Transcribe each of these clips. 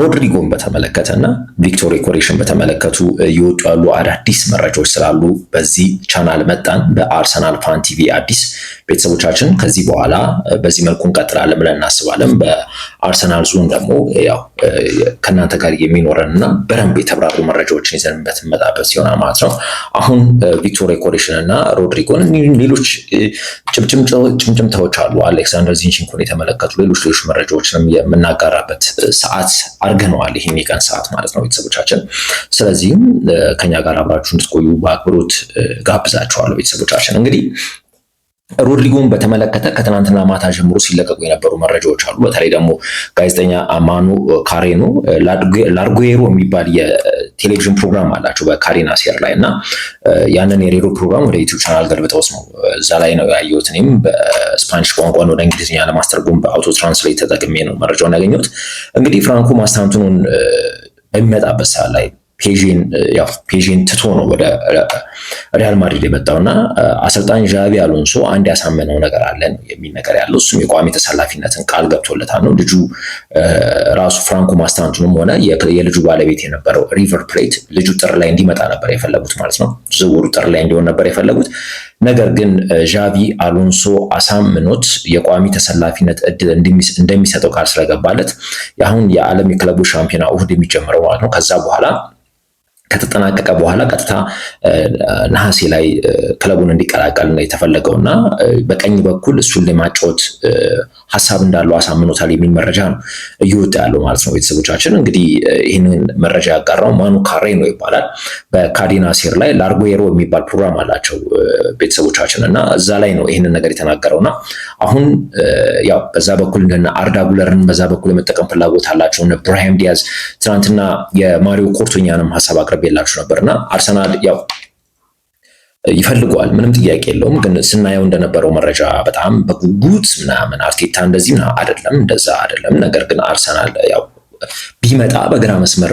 ሮድሪጎን በተመለከተ እና ቪክቶር ኮሬሽን በተመለከቱ እየወጡ ያሉ አዳዲስ መረጃዎች ስላሉ በዚህ ቻናል መጣን። በአርሰናል ፋን ቲቪ አዲስ ቤተሰቦቻችን ከዚህ በኋላ በዚህ መልኩ እንቀጥላለን ብለን እናስባለን። በአርሰናል ዞን ደግሞ ያው ከእናንተ ጋር የሚኖረን እና በደንብ የተብራሩ መረጃዎችን ይዘንበት እንመጣበት ሲሆን ማለት ነው። አሁን ቪክቶር ኮሬሽን እና ሮድሪጎን ሌሎች ጭምጭምታዎች አሉ። አሌክሳንደር ዚንቺንኮን የተመለከቱ ሌሎች ሌሎች መረጃዎችንም የምናጋራበት ሰዓት አርገነዋል። ይህን የቀን ሰዓት ማለት ነው ቤተሰቦቻችን። ስለዚህም ከኛ ጋር አብራችሁ እንድትቆዩ በአክብሮት ጋብዛችኋለሁ ቤተሰቦቻችን እንግዲህ ሮድሪጎን በተመለከተ ከትናንትና ማታ ጀምሮ ሲለቀቁ የነበሩ መረጃዎች አሉ። በተለይ ደግሞ ጋዜጠኛ አማኑ ካሬኑ ላርጉዌሮ የሚባል ቴሌቪዥን ፕሮግራም አላቸው በካሪና ሴር ላይ እና ያንን የሬዲዮ ፕሮግራም ወደ ዩቲዩብ ቻናል ገልብጠውስ ነው እዛ ላይ ነው ያየሁት። እኔም በስፓኒሽ ቋንቋ ወደ እንግሊዝኛ ለማስተርጎም በአውቶ ትራንስሌት ተጠቅሜ ነው መረጃውን ያገኘሁት። እንግዲህ ፍራንኮ ማስታንቱኑን በሚመጣበት ሰዓት ላይ ፔዥን ትቶ ነው ወደ ሪያል ማድሪድ የመጣው እና አሰልጣኝ ዣቪ አሎንሶ አንድ ያሳመነው ነገር አለ የሚል ነገር ያለው እሱም የቋሚ ተሰላፊነትን ቃል ገብቶለታል ነው። ልጁ ራሱ ፍራንኮ ማስታንቱንም ሆነ የልጁ ባለቤት የነበረው ሪቨር ፕሌት ልጁ ጥር ላይ እንዲመጣ ነበር የፈለጉት ማለት ነው። ዝውውሩ ጥር ላይ እንዲሆን ነበር የፈለጉት ነገር ግን ዣቪ አሎንሶ አሳምኖት የቋሚ ተሰላፊነት እድል እንደሚሰጠው ቃል ስለገባለት አሁን የዓለም የክለቡ ሻምፒዮና እሁድ የሚጀምረው ማለት ነው። ከዛ በኋላ ከተጠናቀቀ በኋላ ቀጥታ ነሐሴ ላይ ክለቡን እንዲቀላቀል ነው የተፈለገው እና በቀኝ በኩል እሱን ለማጫወት ሀሳብ እንዳለው አሳምኖታል የሚል መረጃ ነው እየወጣ ያለው ማለት ነው። ቤተሰቦቻችን እንግዲህ ይህንን መረጃ ያጋራው ማኑ ካሬ ነው ይባላል። በካዲናሴር ላይ ላርጎሮ የሚባል ፕሮግራም አላቸው ቤተሰቦቻችን እና እዛ ላይ ነው ይህንን ነገር የተናገረውና አሁን ያው በዛ በኩል እንደነ አርዳ ጉለርን በዛ በኩል የመጠቀም ፍላጎት አላቸው። እነ ብራሂም ዲያዝ ትናንትና የማሪዮ ኮርቶኛንም ሀሳብ አቅርቤላችሁ ነበር እና አርሰናል ያው ይፈልገዋል፣ ምንም ጥያቄ የለውም። ግን ስናየው እንደነበረው መረጃ በጣም በጉጉት ምናምን አርቴታ እንደዚህ አይደለም እንደዛ አይደለም። ነገር ግን አርሰናል ያው ቢመጣ በግራ መስመር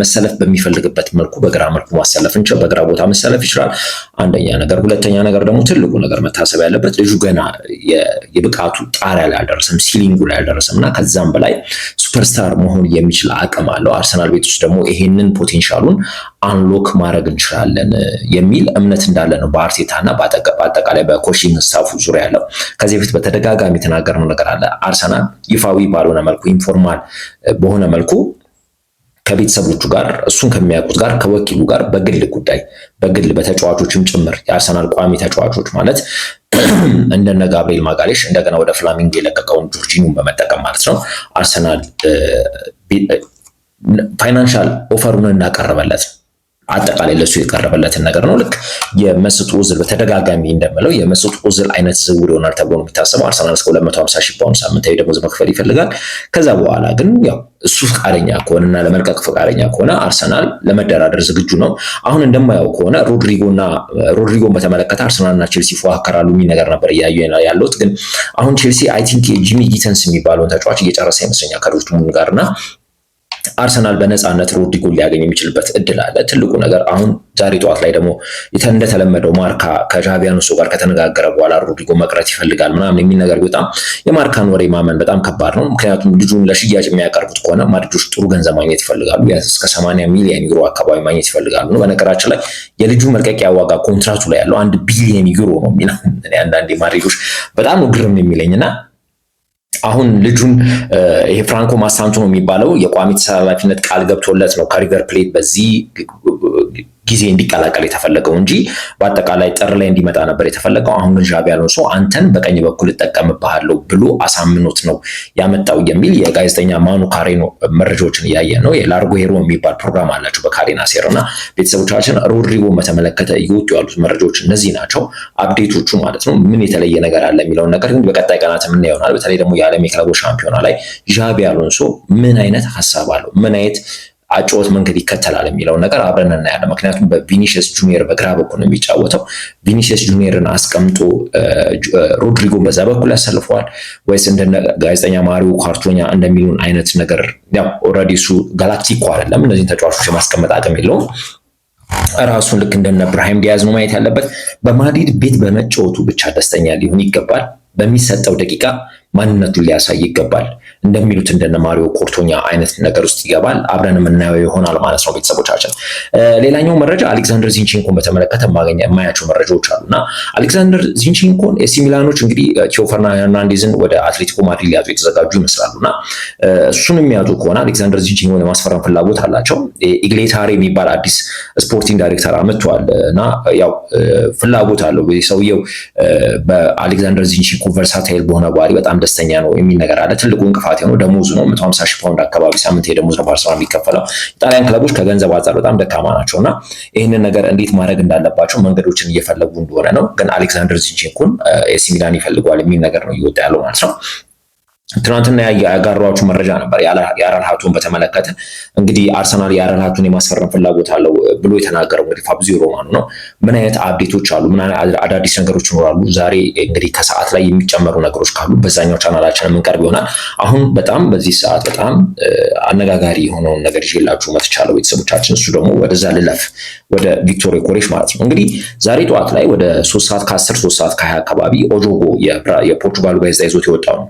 መሰለፍ በሚፈልግበት መልኩ በግራ መልኩ ማሰለፍ እንችል በግራ ቦታ መሰለፍ ይችላል። አንደኛ ነገር። ሁለተኛ ነገር ደግሞ ትልቁ ነገር መታሰብ ያለበት ልጁ ገና የብቃቱ ጣሪያ ላይ አልደረሰም፣ ሲሊንጉ ላይ አልደረሰም እና ከዛም በላይ ሱፐርስታር መሆን የሚችል አቅም አለው። አርሰናል ቤት ውስጥ ደግሞ ይሄንን ፖቴንሻሉን አንሎክ ማድረግ እንችላለን የሚል እምነት እንዳለ ነው በአርቴታ እና በአጠቃላይ በኮቺንግ ስታፉ ዙሪያ ያለው። ከዚህ በፊት በተደጋጋሚ የተናገርነው ነገር አለ። አርሰናል ይፋዊ ባልሆነ መልኩ ኢንፎርማል በሆነ መልኩ ከቤተሰቦቹ ጋር እሱን ከሚያውቁት ጋር ከወኪሉ ጋር በግል ጉዳይ በግል በተጫዋቾችም ጭምር የአርሰናል ቋሚ ተጫዋቾች ማለት እንደነ ጋብሪኤል ማጋሌሽ እንደገና ወደ ፍላሚንጎ የለቀቀውን ጆርጂኒውን በመጠቀም ማለት ነው አርሰናል ፋይናንሻል ኦፈሩን እናቀረበለት አጠቃላይ ለሱ የቀረበለትን ነገር ነው። ልክ የመስጥ ኡዝል በተደጋጋሚ እንደምለው የመስጥ ኡዝል አይነት ዝውውር ይሆናል ተብሎ የሚታሰበው። አርሰናል እስከ 250 ሺህ ፓውንድ ሳምንታዊ ደሞዝ መክፈል ይፈልጋል። ከዛ በኋላ ግን ያው እሱ ፈቃደኛ ከሆነና ለመልቀቅ ፈቃደኛ ከሆነ አርሰናል ለመደራደር ዝግጁ ነው። አሁን እንደማየው ከሆነ ሮድሪጎና ሮድሪጎን በተመለከተ አርሰናልና ቼልሲ ፎካከራሉ የሚል ነገር ነበር እያዩ ያለሁት። ግን አሁን ቼልሲ አይ ቲንክ ጂሚ ጊተንስ የሚባለውን ተጫዋች እየጨረሰ ይመስለኛል ከዶርትሙንድ ጋርና አርሰናል በነፃነት ሮድሪጎን ሊያገኝ የሚችልበት እድል አለ። ትልቁ ነገር አሁን ዛሬ ጠዋት ላይ ደግሞ እንደተለመደው ማርካ ከዣቢ አሎንሶ ጋር ከተነጋገረ በኋላ ሮድሪጎ መቅረት ይፈልጋል ምናምን የሚል ነገር ቢወጣም የማርካን ወሬ ማመን በጣም ከባድ ነው። ምክንያቱም ልጁን ለሽያጭ የሚያቀርቡት ከሆነ ማድጆች ጥሩ ገንዘብ ማግኘት ይፈልጋሉ። ቢያንስ እስከ 80 ሚሊዮን ዩሮ አካባቢ ማግኘት ይፈልጋሉ ነው። በነገራችን ላይ የልጁ መልቀቂያ ዋጋ ኮንትራቱ ላይ ያለው አንድ ቢሊዮን ዩሮ ነው የሚለው አንዳንዴ ማድሪዶች በጣም ግርም የሚለኝ እና አሁን ልጁን ይሄ ፍራንኮ ማሳንቶ ነው የሚባለው የቋሚ ተሰላፊነት ቃል ገብቶለት ነው ከሪቨር ፕሌት በዚህ ጊዜ እንዲቀላቀል የተፈለገው እንጂ በአጠቃላይ ጥር ላይ እንዲመጣ ነበር የተፈለገው። አሁን ግን ዣቢ አሎንሶ አንተን በቀኝ በኩል እጠቀምብሃለሁ ብሎ አሳምኖት ነው ያመጣው የሚል የጋዜጠኛ ማኑ ካሬኖ መረጃዎችን እያየ ነው። የላርጎ ሄሮ የሚባል ፕሮግራም አላቸው በካሬና ሴር እና ቤተሰቦቻችን ሮድሪጎን በተመለከተ እየወጡ ያሉት መረጃዎች እነዚህ ናቸው፣ አፕዴቶቹ ማለት ነው። ምን የተለየ ነገር አለ የሚለውን ነገር ግን በቀጣይ ቀናት ምን ይሆናል። በተለይ ደግሞ የዓለም የክለቦች ሻምፒዮና ላይ ዣቢ አሎንሶ ምን አይነት ሀሳብ አለው ምን አይነት አጨዋወት መንገድ ይከተላል የሚለውን ነገር አብረን እናያለን። ምክንያቱም በቪኒሽስ ጁኒየር በግራ በኩል ነው የሚጫወተው። ቪኒሽስ ጁኒየርን አስቀምጦ ሮድሪጎን በዛ በኩል ያሰልፈዋል ወይስ እንደ ጋዜጠኛ ማሪዮ ካርቶኛ እንደሚሉን አይነት ነገር? ያው ኦልሬዲ እሱ ጋላክቲኮ አይደለም፣ እነዚህን ተጫዋቾች የማስቀመጥ አቅም የለውም። ራሱን ልክ እንደነ ብራሂም ዲያዝ ነው ማየት ያለበት። በማድሪድ ቤት በመጫወቱ ብቻ ደስተኛ ሊሆን ይገባል። በሚሰጠው ደቂቃ ማንነቱን ሊያሳይ ይገባል። እንደሚሉት እንደነ ማሪዮ ኮርቶኛ አይነት ነገር ውስጥ ይገባል። አብረን የምናየው ይሆናል ማለት ነው ቤተሰቦቻችን። ሌላኛው መረጃ አሌክዛንደር ዚንቼንኮን በተመለከተ የማያቸው መረጃዎች አሉና አሌክዛንደር ዚንቼንኮን ኤሲ ሚላኖች እንግዲህ ቴዎ ፈርናንዴዝን ወደ አትሌቲኮ ማድሪድ ሊያዙ የተዘጋጁ እና እሱን የሚያዙ ከሆነ አሌክዛንደር ዚንቼንኮን የማስፈረም ፍላጎት አላቸው። ኢግሌታሪ የሚባል አዲስ ስፖርቲንግ ዳይሬክተር አመጥተዋል እና ያው ፍላጎት አለው ሰውየው በአሌክዛንደር ዚንቼንኮ ቨርሳታይል በሆነ ባህሪ በጣም ደስተኛ ነው የሚል ነገር አለ። ትልቁ እንቅፋ እንቅፋት የሆነው ደሞዙ ነው። 150 ሺህ ፓውንድ አካባቢ ሳምንት የደሞዝ ነው ባርሰሎና የሚከፈለው። የጣሊያን ክለቦች ከገንዘብ አንጻር በጣም ደካማ ናቸው እና ይህንን ነገር እንዴት ማድረግ እንዳለባቸው መንገዶችን እየፈለጉ እንደሆነ ነው። ግን አሌክሳንደር ዚንቼንኮን ኤሲ ሚላን ይፈልገዋል የሚል ነገር ነው እየወጣ ያለው ማለት ነው። ትናንትና ያጋሯችሁ መረጃ ነበር የአረን በተመለከተ እንግዲህ አርሰናል የአረን የማስፈረም ፍላጎት አለው ብሎ የተናገረው እንግዲህ ፋብሪዚዮ ሮማኖ ነው። ምን አይነት አብዴቶች አሉ? ምን አዳዲስ ነገሮች ይኖራሉ? ዛሬ እንግዲህ ከሰዓት ላይ የሚጨመሩ ነገሮች ካሉ በዛኛው ቻናላችን የምንቀርብ ይሆናል። አሁን በጣም በዚህ ሰዓት በጣም አነጋጋሪ የሆነውን ነገር ይዤላችሁ መጥቻለሁ ቤተሰቦቻችን። እሱ ደግሞ ወደዛ ልለፍ ወደ ቪክቶር ኮሬሽ ማለት ነው። እንግዲህ ዛሬ ጠዋት ላይ ወደ ሶስት ሰዓት ከአስር ሶስት ሰዓት ከሀያ አካባቢ ኦጆጎ የፖርቱጋሉ ጋዜጣ ይዞት የወጣው ነው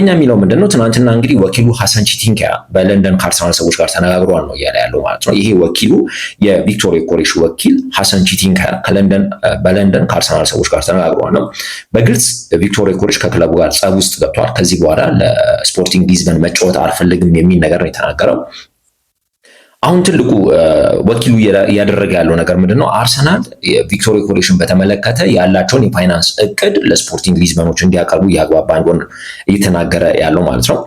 አንደኛ የሚለው ምንድን ነው? ትናንትና እንግዲህ ወኪሉ ሀሰን ቺቲንኪያ በለንደን ከአርሰናል ሰዎች ጋር ተነጋግሯል ነው እያለ ያለው ማለት ነው። ይሄ ወኪሉ የቪክቶር ኮሬሽ ወኪል ሀሰን ቺቲንኪያ በለንደን ከአርሰናል ሰዎች ጋር ተነጋግሯል ነው። በግልጽ ቪክቶር ኮሬሽ ከክለቡ ጋር ጸብ ውስጥ ገብቷል። ከዚህ በኋላ ለስፖርቲንግ ሊዝበን መጫወት አልፈልግም የሚል ነገር ነው የተናገረው። አሁን ትልቁ ወኪሉ እያደረገ ያለው ነገር ምንድን ነው? አርሰናል የቪክቶሪ ኮሌሽን በተመለከተ ያላቸውን የፋይናንስ እቅድ ለስፖርቲንግ ሊዝበኖች እንዲያቀርቡ እያግባባ እንደሆነ እየተናገረ ያለው ማለት ነው።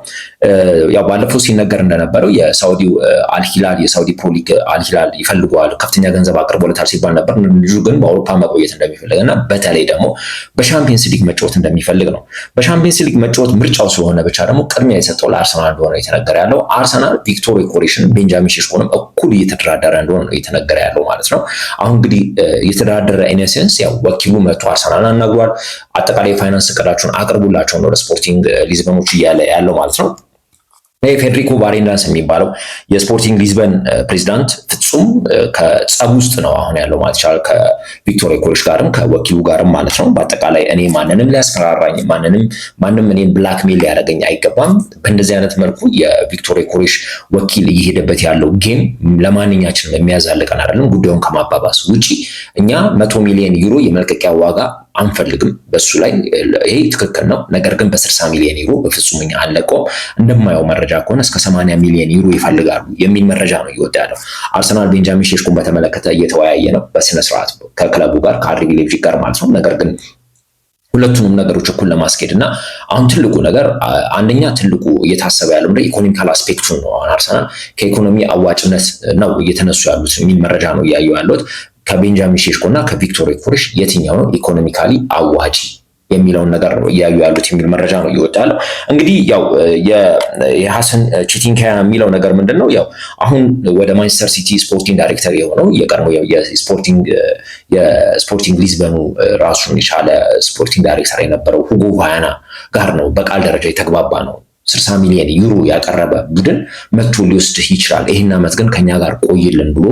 ያው ባለፈው ሲነገር እንደነበረው የሳውዲ አልሂላል የሳውዲ ፕሮሊግ አልሂላል ይፈልገዋል ከፍተኛ ገንዘብ አቅርቦለታል ሲባል ነበር። ልጁ ግን በአውሮፓ መቆየት እንደሚፈልግ እና በተለይ ደግሞ በሻምፒየንስ ሊግ መጫወት እንደሚፈልግ ነው። በሻምፒየንስ ሊግ መጫወት ምርጫው ስለሆነ ብቻ ደግሞ ቅድሚያ የሰጠው ለአርሰናል እንደሆነ የተነገረ ያለው አርሰናል ቪክቶር ኮሬሽን፣ ቤንጃሚን ሼሽኮንም እኩል እየተደራደረ እንደሆነ ነው የተነገረ ያለው ማለት ነው። አሁን እንግዲህ የተደራደረ ኢነሴንስ ያው ወኪሉ መቶ አርሰናል አናግሯል። አጠቃላይ የፋይናንስ እቅዳቸውን አቅርቡላቸው ነው ለስፖርቲንግ ሊዝበኖች እያለ ያለው ማለት ነው። ፌዴሪኮ ባሬንዳንስ የሚባለው የስፖርቲንግ ሊዝበን ፕሬዚዳንት ፍጹም ከጸብ ውስጥ ነው አሁን ያለው ማለት ይቻላል። ከቪክቶር ዮኬሬሽ ጋርም ከወኪሉ ጋርም ማለት ነው። በአጠቃላይ እኔ ማንንም ሊያስፈራራኝ ማንንም ማንም እኔን ብላክሜል ሊያደርገኝ አይገባም። በእንደዚህ አይነት መልኩ የቪክቶር ዮኬሬሽ ወኪል እየሄደበት ያለው ጌም ለማንኛችንም የሚያዛልቀን አይደለም። ጉዳዩን ከማባባስ ውጪ እኛ መቶ ሚሊዮን ዩሮ የመልቀቂያ ዋጋ አንፈልግም። በሱ ላይ ይሄ ትክክል ነው። ነገር ግን በ60 ሚሊዮን ዩሮ በፍጹምኛ አለቆ እንደማየው መረጃ ከሆነ እስከ 80 ሚሊዮን ዩሮ ይፈልጋሉ የሚል መረጃ ነው እየወጣ ያለው። አርሰናል ቤንጃሚን ሼሽኮን በተመለከተ እየተወያየ ነው በስነስርዓት ከክለቡ ጋር ከአርቢ ሌቪጅ ጋር ማለት ነው። ነገር ግን ሁለቱንም ነገሮች እኩል ለማስኬድ እና አሁን ትልቁ ነገር አንደኛ ትልቁ እየታሰበ ያለው እንደ ኢኮኖሚካል አስፔክቱን ነው። አርሰናል ከኢኮኖሚ አዋጭነት ነው እየተነሱ ያሉት የሚል መረጃ ነው እያየው ያለሁት። ከቤንጃሚን ሼሽኮ እና ከቪክቶር ዮኬሬሽ የትኛው ነው ኢኮኖሚካሊ አዋጪ የሚለውን ነገር ነው እያዩ ያሉት የሚል መረጃ ነው እየወጣ ያለው። እንግዲህ ያው የሀሰን ቺቲንካያ የሚለው ነገር ምንድን ነው? ያው አሁን ወደ ማንቸስተር ሲቲ ስፖርቲንግ ዳይሬክተር የሆነው የቀድሞ የስፖርቲንግ ሊዝበኑ ራሱን የቻለ ስፖርቲንግ ዳይሬክተር የነበረው ሁጎ ቫያና ጋር ነው በቃል ደረጃ የተግባባ ነው። 60 ሚሊዮን ዩሮ ያቀረበ ቡድን መጥቶ ሊወስድ ይችላል። ይህን ዓመት ግን ከኛ ጋር ቆይልን ብሎ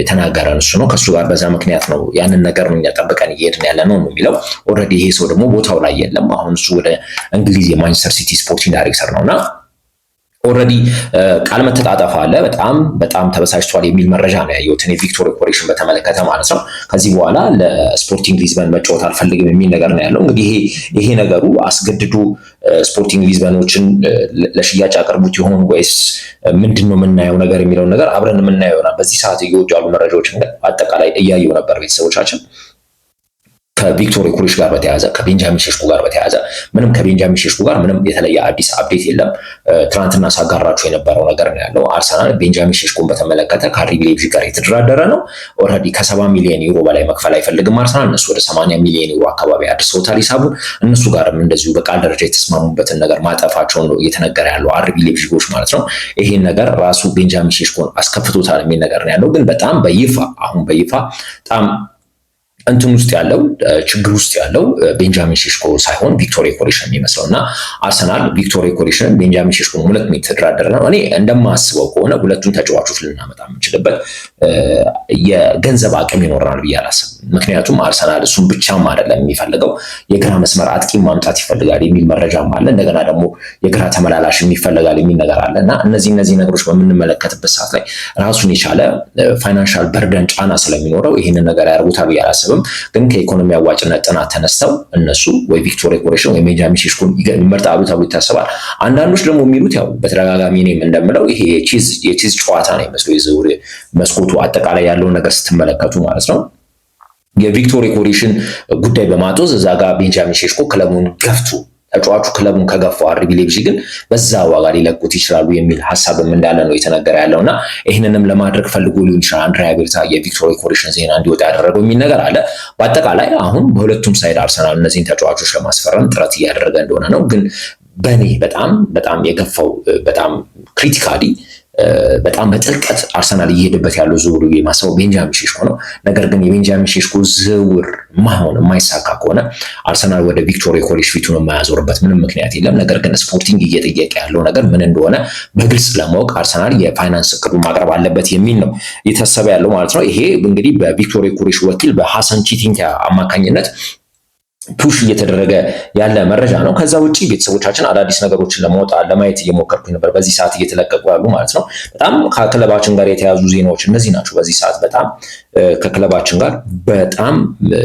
የተናገረን እሱ ነው። ከሱ ጋር በዛ ምክንያት ነው ያንን ነገር ነው እኛ ጠብቀን እየሄድን ያለ ነው የሚለው። ኦልሬዲ ይሄ ሰው ደግሞ ቦታው ላይ የለም። አሁን እሱ ወደ እንግሊዝ የማንቸስተር ሲቲ ስፖርቲንግ ዳይሬክተር ነው እና ኦልሬዲ uh, ቃል መተጣጠፍ አለ። በጣም በጣም ተበሳጭቷል የሚል መረጃ ነው ያየሁት እኔ ቪክቶሪ ኮሬሽን በተመለከተ ማለት ነው። ከዚህ በኋላ ለስፖርቲንግ ሊዝበን መጫወት አልፈልግም የሚል ነገር ነው ያለው። እንግዲህ ይሄ ነገሩ አስገድዱ uh, ስፖርቲንግ ሊዝበኖችን uh, ለሽያጭ አቅርቡት ይሆን ወይስ ምንድን ነው የምናየው ነገር የሚለውን ነገር አብረን የምናየው ይሆናል። በዚህ ሰዓት እየወጡ ያሉ አጠቃላይ እያየው ነበር ቤተሰቦቻችን ከቪክቶር ዮኬሬሽ ጋር በተያያዘ ከቤንጃሚን ሼሽኮ ጋር በተያያዘ ምንም ከቤንጃሚን ሼሽኮ ጋር ምንም የተለየ አዲስ አፕዴት የለም። ትናንትና ሳጋራችሁ የነበረው ነገር ነው ያለው። አርሰናል ቤንጃሚን ሼሽኮን በተመለከተ ከአርቢ ሌይፕዚግ ጋር የተደራደረ ነው። ኦልሬዲ ከሰባ ሚሊዮን ዩሮ በላይ መክፈል አይፈልግም አርሰናል። እነሱ ወደ ሰማንያ ሚሊዮን ዩሮ አካባቢ አድርሰውታል ሂሳቡን። እነሱ ጋርም እንደዚሁ በቃል ደረጃ የተስማሙበትን ነገር ማጠፋቸውን ነው እየተነገረ ያለው አርቢ ሌይፕዚጎች ማለት ነው። ይሄን ነገር ራሱ ቤንጃሚን ሼሽኮን አስከፍቶታል የሚል ነገር ነው ያለው። ግን በጣም በይፋ አሁን በይፋ በጣም እንትን ውስጥ ያለው ችግር ውስጥ ያለው ቤንጃሚን ሼሽኮ ሳይሆን ቪክቶር ኮሌሽን የሚመስለው እና አርሰናል ቪክቶር ኮሌሽን ቤንጃሚን ሼሽኮ ሁለት የተደራደረ ነው። እኔ እንደማስበው ከሆነ ሁለቱን ተጫዋቾች ልናመጣ የምንችልበት የገንዘብ አቅም ይኖረናል ብዬ አላስብም። ምክንያቱም አርሰናል እሱን ብቻም አይደለም የሚፈልገው የግራ መስመር አጥቂ ማምጣት ይፈልጋል የሚል መረጃም አለ። እንደገና ደግሞ የግራ ተመላላሽ ይፈልጋል የሚል ነገር አለ እና እነዚህ እነዚህ ነገሮች በምንመለከትበት ሰዓት ላይ ራሱን የቻለ ፋይናንሻል በርደን ጫና ስለሚኖረው ይህንን ነገር ያደርጉታል ብዬ አላስብም። አላስብም። ግን ከኢኮኖሚ አዋጭነት ጥናት ተነስተው እነሱ ወይ ቪክቶር ኮሬሽን ወይ ሜጃ ሚሽሽኮን ይመርጣሉ ተብሎ ይታሰባል። አንዳንዶች ደግሞ የሚሉት ያው በተደጋጋሚ እኔም እንደምለው ይሄ የቺዝ ጨዋታ ነው ይመስለው የዝውውር መስኮቱ አጠቃላይ ያለውን ነገር ስትመለከቱ ማለት ነው የቪክቶሪ ኮርፖሬሽን ጉዳይ በማጦዝ እዛ ጋር ቤንጃሚን ሼሽኮ ክለቡን ገፍቱ ተጫዋቹ ክለቡን ከገፋው አርቢ ሌብዚግ ግን በዛ ዋጋ ሊለቁት ይችላሉ የሚል ሀሳብም እንዳለ ነው የተነገረ ያለው እና ይህንንም ለማድረግ ፈልጎ ሊሆን ይችላል አንድሪያ ቤርታ የቪክቶሪ ኮሪሽን ዜና እንዲወጣ ያደረገው የሚል ነገር አለ። በአጠቃላይ አሁን በሁለቱም ሳይድ አርሰናል እነዚህን ተጫዋቾች ለማስፈረም ጥረት እያደረገ እንደሆነ ነው። ግን በእኔ በጣም በጣም የገፋው በጣም ክሪቲካሊ በጣም በጥልቀት አርሰናል እየሄደበት ያለው ዝውውር የማስበው ቤንጃሚን ሼሽኮ ነው። ነገር ግን የቤንጃሚን ሼሽኮ ዝውውር ማሆን የማይሳካ ከሆነ አርሰናል ወደ ቪክቶሪ ኮሌጅ ፊቱን የማያዞርበት ምንም ምክንያት የለም። ነገር ግን ስፖርቲንግ እየጠየቀ ያለው ነገር ምን እንደሆነ በግልጽ ለማወቅ አርሰናል የፋይናንስ እቅዱ ማቅረብ አለበት የሚል ነው እየታሰበ ያለው ማለት ነው። ይሄ እንግዲህ በቪክቶሪ ኮሌጅ ወኪል በሐሰን ቺቲንካ አማካኝነት ፑሽ እየተደረገ ያለ መረጃ ነው። ከዛ ውጭ ቤተሰቦቻችን አዳዲስ ነገሮችን ለማውጣት ለማየት እየሞከርኩኝ ነበር። በዚህ ሰዓት እየተለቀቁ ያሉ ማለት ነው። በጣም ከክለባችን ጋር የተያዙ ዜናዎች እነዚህ ናቸው። በዚህ ሰዓት በጣም ከክለባችን ጋር በጣም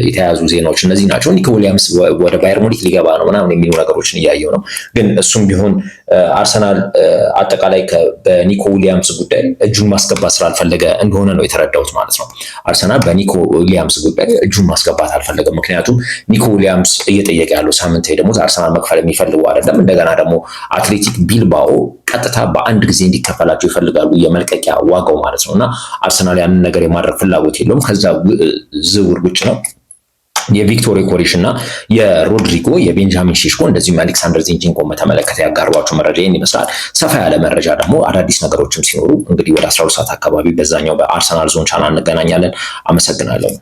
የተያያዙ ዜናዎች እነዚህ ናቸው። ኒክ ዊሊያምስ ወደ ባየር ሙኒክ ሊገባ ነው ምናምን የሚሉ ነገሮችን እያየው ነው። ግን እሱም ቢሆን አርሰናል አጠቃላይ በኒኮ ዊሊያምስ ጉዳይ እጁን ማስገባት ስላልፈለገ እንደሆነ ነው የተረዳሁት ማለት ነው። አርሰናል በኒኮ ዊሊያምስ ጉዳይ እጁን ማስገባት አልፈለገም። ምክንያቱም ኒኮ ዊሊያምስ እየጠየቀ ያለው ሳምንት ደግሞ አርሰናል መክፈል የሚፈልገው አይደለም። እንደገና ደግሞ አትሌቲክ ቢልባኦ ቀጥታ በአንድ ጊዜ እንዲከፈላቸው ይፈልጋሉ፣ የመልቀቂያ ዋጋው ማለት ነው። እና አርሰናል ያንን ነገር የማድረግ ፍላጎት ልዩነት የለውም። ከዛ ዝውውር ውጭ ነው የቪክቶሪ ኮሪሽ እና የሮድሪጎ የቤንጃሚን ሼሽኮ እንደዚሁም የአሌክሳንደር ዚንቼንኮን በተመለከተ ያጋርባቸው መረጃ ይህን ይመስላል። ሰፋ ያለ መረጃ ደግሞ አዳዲስ ነገሮችም ሲኖሩ እንግዲህ ወደ 12 ሰዓት አካባቢ በዛኛው በአርሰናል ዞን ቻና እንገናኛለን። አመሰግናለሁ።